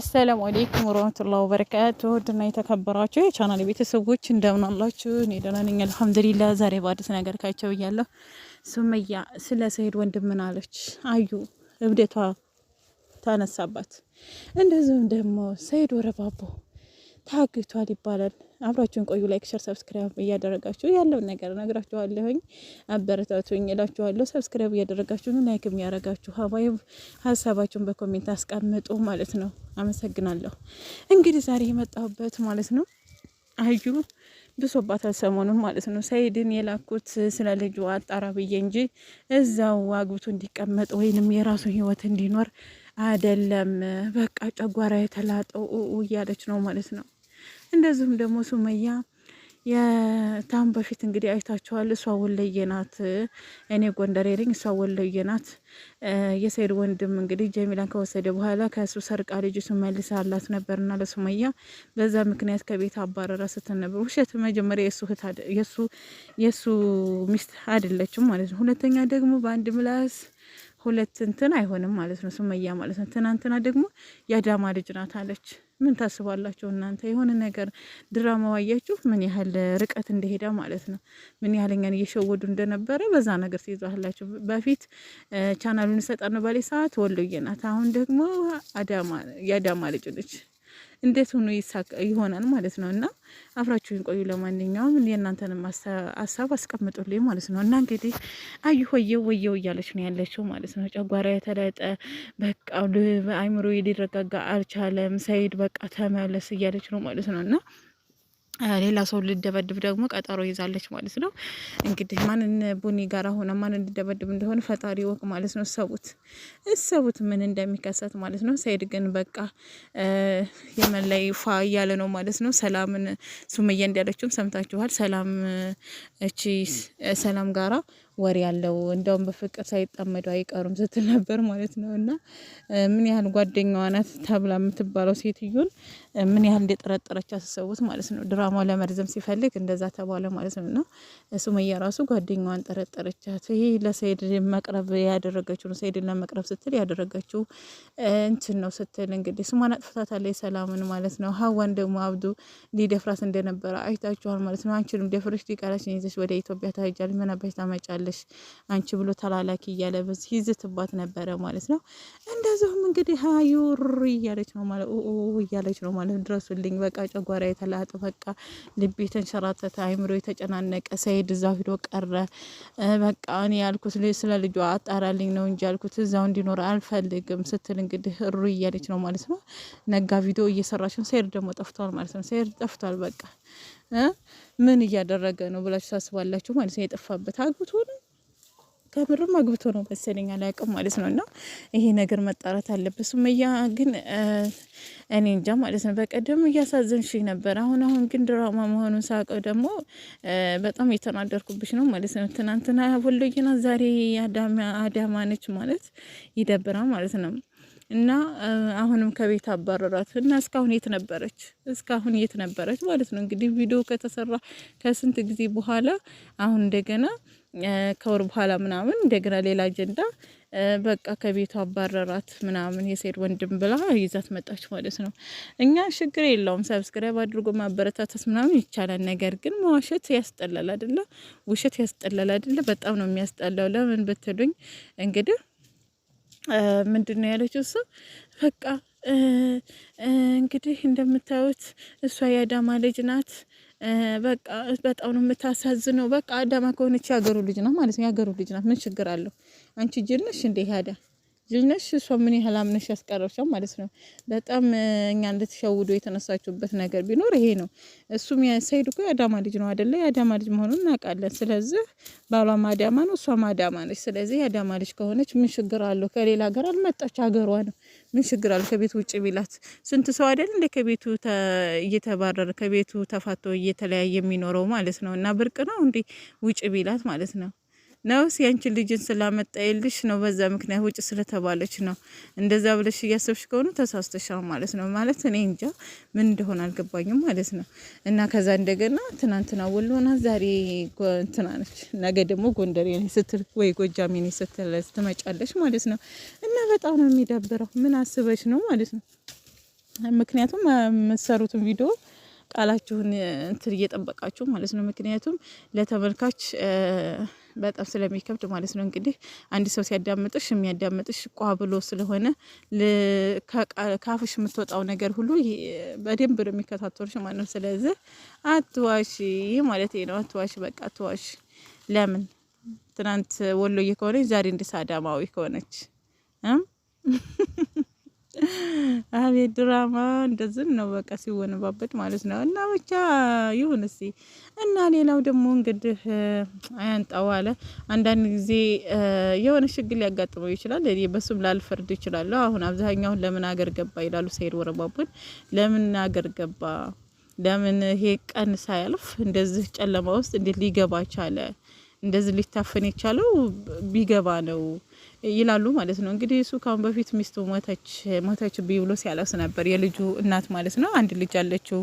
አሰላሙ አሌይኩም ወረህመቱላሂ ወበረካቱህ ውድና የተከበራችሁ የቻናል ቤተሰቦች እንደምን አላችሁ? እኔ ደህና ነኝ አልሐምዱሊላህ። ዛሬ በአዲስ ነገር ካቸው እያለሁ ሱመያ ስለ ሰኢድ ወንድም አለች? አዩ እብደቷ ተነሳባት። እንደዚሁም ደግሞ ሰኢድ ወረባቦ ታግቷል ይባላል። አብራችሁን ቆዩ። ላይክ፣ ሸር፣ ሰብስክራይብ እያደረጋችሁ ያለውን ነገር ነግራችኋለሁኝ። አበረታቱኝ እላችኋለሁ። ሰብስክራይብ እያደረጋችሁ ላይክ የሚያደረጋችሁ ሀባይ ሀሳባችሁን በኮሜንት አስቀምጡ ማለት ነው። አመሰግናለሁ። እንግዲህ ዛሬ የመጣሁበት ማለት ነው አዩ ብሶባታል ሰሞኑን ማለት ነው። ሰይድን የላኩት ስለ ልጁ አጣራ ብዬ እንጂ እዛው አግብቶ እንዲቀመጥ ወይንም የራሱ ህይወት እንዲኖር አይደለም በቃ ጨጓራ የተላጠው እያለች ነው ማለት ነው። እንደዚሁም ደግሞ ሱመያ የታም በፊት እንግዲህ አይታችኋል። እሷ ወለየናት ናት፣ እኔ ጎንደሬ ነኝ፣ እሷ ወለየ ናት። የሰይድ ወንድም እንግዲህ ጀሚላን ከወሰደ በኋላ ከእሱ ሰርቃ ልጅቱ መልስ አላት ነበርና ለሱመያ በዛ ምክንያት ከቤት አባረራ ስትን ነበር። ውሸት መጀመሪያ የእሱ ሚስት አይደለችም ማለት ነው። ሁለተኛ ደግሞ በአንድ ምላስ ሁለት እንትን አይሆንም ማለት ነው። ሱመያ ማለት ነው። ትናንትና ደግሞ የአዳማ ልጅ ናት አለች። ምን ታስባላችሁ እናንተ? የሆነ ነገር ድራማ ዋያችሁ ምን ያህል ርቀት እንደሄደ ማለት ነው። ምን ያህል እኛን እየሸወዱ እንደነበረ በዛ ነገር ትይዛላችሁ። በፊት ቻናሉን ሰጣን ባሌ ሰዓት ወሎዬ ናት። አሁን ደግሞ የአዳማ ልጅ ነች። እንዴት ሆኖ ይሆናል ማለት ነው። እና አብራችሁን ቆዩ። ለማንኛውም የእናንተንም ሀሳብ አስቀምጡልኝ ማለት ነው። እና እንግዲህ አዩ ወየው ወየው እያለች ነው ያለችው ማለት ነው። ጨጓራ የተለጠ በቃ አይምሮ ሊረጋጋ አልቻለም። ሰይድ በቃ ተመለስ እያለች ነው ማለት ነው እና ሌላ ሰው ልደበድብ ደግሞ ቀጠሮ ይዛለች ማለት ነው። እንግዲህ ማንን ቡኒ ጋር ሆነ ማን ልደበድብ እንደሆነ ፈጣሪ ወቅ ማለት ነው። እሰቡት እሰቡት ምን እንደሚከሰት ማለት ነው። ሰይድ ግን በቃ የመን ላይ ፋ እያለ ነው ማለት ነው። ሰላምን ሱመያ እንዳለችውም ሰምታችኋል። ሰላም እቺ ሰላም ጋራ ወር ያለው እንደውም በፍቅር ሳይጣመዱ አይቀሩም ስትል ነበር ማለት ነው። እና ምን ያህል ጓደኛዋ ናት ተብላ የምትባለው ሴትዮን ምን ያህል እንደጠረጠረች አስሰውት ማለት ነው። ድራማው ለመርዘም ሲፈልግ እንደዛ ተባለ ማለት ነው። እና ሱመያ ራሱ ጓደኛዋን ጠረጠረቻት። ይሄ ለሰይድ መቅረብ ያደረገችው ነው። ሰይድን ለመቅረብ ስትል ያደረገችው እንትን ነው ስትል እንግዲህ ስሟን አጥፍታታለች ሰላምን ማለት ነው። ሀዋን ደግሞ አብዱ ሊደፍራት እንደነበረ አይታችኋል ማለት ነው። አንቺንም ደፍረሽ ሊቃላችን ይዘሽ ወደ ኢትዮጵያ ታሄጃለሽ፣ መናበሽ ታመጫለሽ ታውቂያለሽ አንቺ ብሎ ተላላኪ እያለ በዚህ ይዝትባት ነበረ ማለት ነው። እንደዚሁም እንግዲህ ሀዩር እያለች ነው ማለት እያለች ነው ማለት ድረሱልኝ፣ በቃ ጨጓራ የተላጠ በቃ ልቤ ተንሸራተተ፣ አይምሮ የተጨናነቀ ሰይድ እዛው ሂዶ ቀረ። በቃ እኔ ያልኩት ስለ ልጁ አጣራልኝ ነው እንጂ ያልኩት እዛው እንዲኖር አልፈልግም ስትል እንግዲህ እሩ እያለች ነው ማለት ነው። ነጋ ቪዲዮ እየሰራች ነው። ሰይድ ደግሞ ጠፍቷል ማለት ነው። ሰይድ ጠፍቷል በቃ ምን እያደረገ ነው ብላችሁ ታስባላችሁ ማለት ነው። የጠፋበት አግብቶ ነው ከምርም አግብቶ ነው መሰለኝ አላውቅም ማለት ነው። እና ይሄ ነገር መጣራት አለበት። ሱመያ ግን እኔ እንጃ ማለት ነው። በቀደም እያሳዘንሽኝ ነበር፣ አሁን አሁን ግን ድራማ መሆኑን ሳውቀው ደግሞ በጣም እየተናደርኩብሽ ነው ማለት ነው። ትናንትና ወሎዬ ዛሬ አዳማ ነች ማለት ይደብራል ማለት ነው። እና አሁንም ከቤት አባረራት እና እስካሁን የት ነበረች? እስካሁን የት ነበረች ማለት ነው። እንግዲህ ቪዲዮ ከተሰራ ከስንት ጊዜ በኋላ አሁን እንደገና ከወር በኋላ ምናምን እንደገና ሌላ አጀንዳ በቃ ከቤቱ አባረራት ምናምን የሴት ወንድም ብላ ይዛት መጣች ማለት ነው። እኛ ችግር የለውም ሰብስክራይብ አድርጎ ማበረታታት ምናምን ይቻላል። ነገር ግን መዋሸት ያስጠላል አይደለ? ውሸት ያስጠላል አይደለ? በጣም ነው የሚያስጠላው። ለምን ብትሉኝ እንግዲህ ምንድን ነው ያለችው? እሱ በቃ እንግዲህ እንደምታዩት እሷ የአዳማ ልጅ ናት። በቃ በጣም ነው የምታሳዝነው። በቃ አዳማ ከሆነች የሀገሩ ልጅ ናት ማለት ነው። የሀገሩ ልጅ ናት። ምን ችግር አለው? አንቺ ጅንሽ እንዴ? ያዳ ልጅ ነሽ እሷ ምን ያህል አምነሽ ያስቀረብሻል ማለት ነው። በጣም እኛ እንድትሸውዱ የተነሳችሁበት ነገር ቢኖር ይሄ ነው። እሱም ሰይድ እኮ የአዳማ ልጅ ነው አደለ? የአዳማ ልጅ መሆኑን እናውቃለን። ስለዚህ ባሏም አዳማ ነው፣ እሷም አዳማ ነች። ስለዚህ የአዳማ ልጅ ከሆነች ምን ችግር አለው? ከሌላ ሀገር አልመጣች፣ ሀገሯ ነው። ምን ችግር አለ? ከቤት ውጭ ቢላት ስንት ሰው አደል እንደ ከቤቱ እየተባረረ ከቤቱ ተፋቶ እየተለያየ የሚኖረው ማለት ነው። እና ብርቅ ነው እንዴ ውጭ ቢላት ማለት ነው። ነው ሲያንቺን ልጅን ስላመጣየልሽ ነው። በዛ ምክንያት ውጭ ስለተባለች ነው። እንደዛ ብለሽ እያሰብሽ ከሆኑ ተሳስተሻ ማለት ነው። ማለት እኔ እንጃ ምን እንደሆነ አልገባኝም ማለት ነው። እና ከዛ እንደገና ትናንትና ወሎ ናት፣ ዛሬ እንትና ነች፣ ነገ ደግሞ ጎንደሬ ስትል ወይ ጎጃሜ ነኝ ስትል ትመጫለች ማለት ነው። እና በጣም ነው የሚዳብረው። ምን አስበሽ ነው ማለት ነው። ምክንያቱም የምትሰሩትን ቪዲዮ ቃላችሁን እንትን እየጠበቃችሁ ማለት ነው። ምክንያቱም ለተመልካች በጣም ስለሚከብድ ማለት ነው። እንግዲህ አንድ ሰው ሲያዳምጥሽ የሚያዳምጥሽ ቋ ብሎ ስለሆነ ካፍሽ የምትወጣው ነገር ሁሉ በደንብ ነው የሚከታተሉሽ ማለት ነው። ስለዚህ አትዋሽ ማለት ነው። አትዋሽ፣ በቃ አትዋሽ። ለምን ትናንት ወሎዬ ከሆነች ዛሬ እንዲስ አዳማዊ ከሆነች አቤት ድራማ እንደዝን ነው በቃ ሲወነባበት ማለት ነው። እና ብቻ ይሁን እስቲ እና ሌላው ደግሞ እንግዲህ አያንጣው አለ አንዳንድ ጊዜ የሆነ ችግር ሊያጋጥመው ይችላል። እኔ በሱም ላልፈርድ ይችላለሁ። አሁን አብዛኛውን ለምን አገር ገባ ይላሉ ሰይድ ወረባቡን። ለምን አገር ገባ ለምን ይሄ ቀን ሳያልፍ እንደዚህ ጨለማ ውስጥ እንዴት ሊገባ ቻለ? እንደዚህ ሊታፈን የቻለው ቢገባ ነው ይላሉ ማለት ነው። እንግዲህ እሱ ካሁን በፊት ሚስቱ ሞተች ሞተች ብሎ ሲያለቅስ ነበር። የልጁ እናት ማለት ነው። አንድ ልጅ አለችው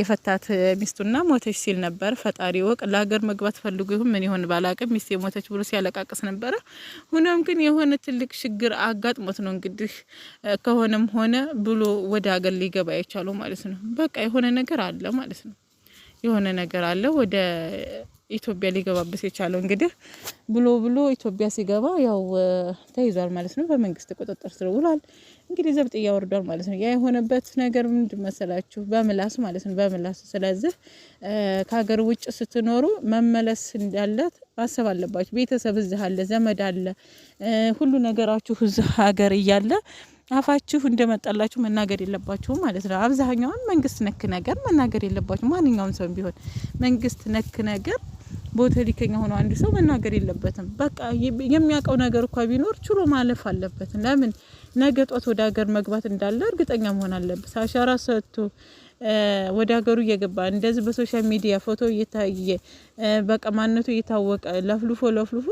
የፈታት ሚስቱና ሞተች ሲል ነበር። ፈጣሪ ወቅ ለሀገር መግባት ፈልጉ ይሁን ምን ይሆን ባላቅም ሚስቴ ሞተች ብሎ ሲያለቃቅስ ነበረ። ሆኖም ግን የሆነ ትልቅ ችግር አጋጥሞት ነው እንግዲህ ከሆነም ሆነ ብሎ ወደ ሀገር ሊገባ የቻለው ማለት ነው። በቃ የሆነ ነገር አለ ማለት ነው። የሆነ ነገር አለ ወደ ኢትዮጵያ ሊገባበት የቻለው እንግዲህ ብሎ ብሎ ኢትዮጵያ ሲገባ ያው ተይዟል ማለት ነው። በመንግስት ቁጥጥር ስር ውሏል። እንግዲህ ዘብጥ እያወርዷል ማለት ነው። ያ የሆነበት ነገር ምንድ መሰላችሁ? በምላሱ ማለት ነው፣ በምላሱ ስለዚህ ከሀገር ውጭ ስትኖሩ መመለስ እንዳለ ማሰብ አለባችሁ። ቤተሰብ እዚህ አለ፣ ዘመድ አለ፣ ሁሉ ነገራችሁ እዚህ ሀገር እያለ አፋችሁ እንደመጣላችሁ መናገር የለባችሁም ማለት ነው። አብዛኛውን መንግስት ነክ ነገር መናገር የለባችሁ ማንኛውም ሰው ቢሆን መንግስት ነክ ነገር ቦተሊከኛ ሆኖ አንድ ሰው መናገር የለበትም። በቃ የሚያውቀው ነገር እኳ ቢኖር ችሎ ማለፍ አለበት። ለምን ነገ ጧት ወደ ሀገር መግባት እንዳለ እርግጠኛ መሆን አለበት። አሻራ ሰጥቶ ወደ ሀገሩ እየገባ እንደዚህ በሶሻል ሚዲያ ፎቶ እየታየ በቃ ማንነቱ እየታወቀ ለፍልፎ ለፍልፎ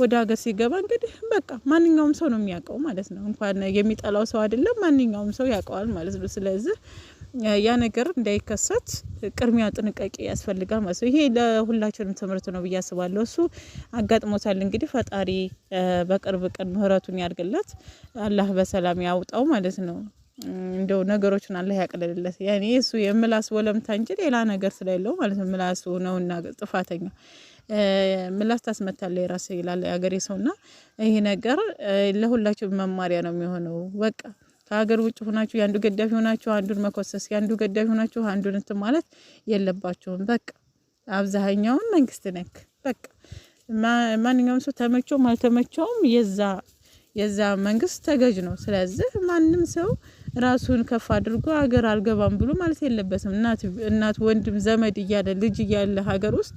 ወደ ሀገር ሲገባ እንግዲህ በቃ ማንኛውም ሰው ነው የሚያውቀው ማለት ነው። እንኳን የሚጠላው ሰው አይደለም ማንኛውም ሰው ያውቀዋል ማለት ነው። ስለዚህ ያ ነገር እንዳይከሰት ቅድሚያ ጥንቃቄ ያስፈልጋል ማለት ነው። ይሄ ለሁላችንም ትምህርት ነው ብዬ አስባለሁ። እሱ አጋጥሞታል እንግዲህ ፈጣሪ በቅርብ ቀን ምህረቱን ያድርግለት፣ አላህ በሰላም ያውጣው ማለት ነው። እንደው ነገሮችን አላህ ያቅልልለት። ያኔ እሱ የምላስ ወለምታ እንጂ ሌላ ነገር ስለሌለው ማለት ነው። ምላሱ ነውና ጥፋተኛ ምላስ ታስመታለ የራስ ይላል ያገሬ ሰውና፣ ይሄ ነገር ለሁላችንም መማሪያ ነው የሚሆነው በቃ ከሀገር ውጭ ሆናችሁ የአንዱ ገዳፊ ሆናችሁ አንዱን መኮሰስ፣ የአንዱ ገዳፊ ሆናችሁ አንዱን እንትን ማለት የለባችሁም። በቃ አብዛኛውን መንግስት ነክ በቃ ማንኛውም ሰው ተመቸውም አልተመቸውም የዛ የዛ መንግስት ተገዥ ነው። ስለዚህ ማንም ሰው ራሱን ከፍ አድርጎ ሀገር አልገባም ብሎ ማለት የለበትም። እናት ወንድም ዘመድ እያለ ልጅ እያለ ሀገር ውስጥ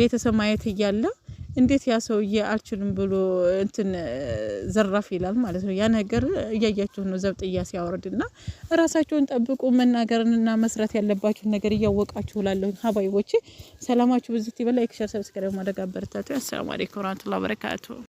ቤተሰብ ማየት እያለ እንዴት ያ ሰውዬ አልችልም ብሎ እንትን ዘራፍ ይላል ማለት ነው። ያ ነገር እያያችሁ ነው። ዘብጥያ ሲያወርድና ራሳችሁን ጠብቁ። መናገርንና መስራት ያለባችሁን ነገር እያወቃችሁ ላለሁ ሀባይቦቼ ሰላማችሁ ብዙት ይበላ። ላይክ፣ ሸር፣ ሰብስክራይብ ማድረግ አበረታችሁ። አሰላሙ አለይኩም ወራህመቱላሂ ወበረካቱ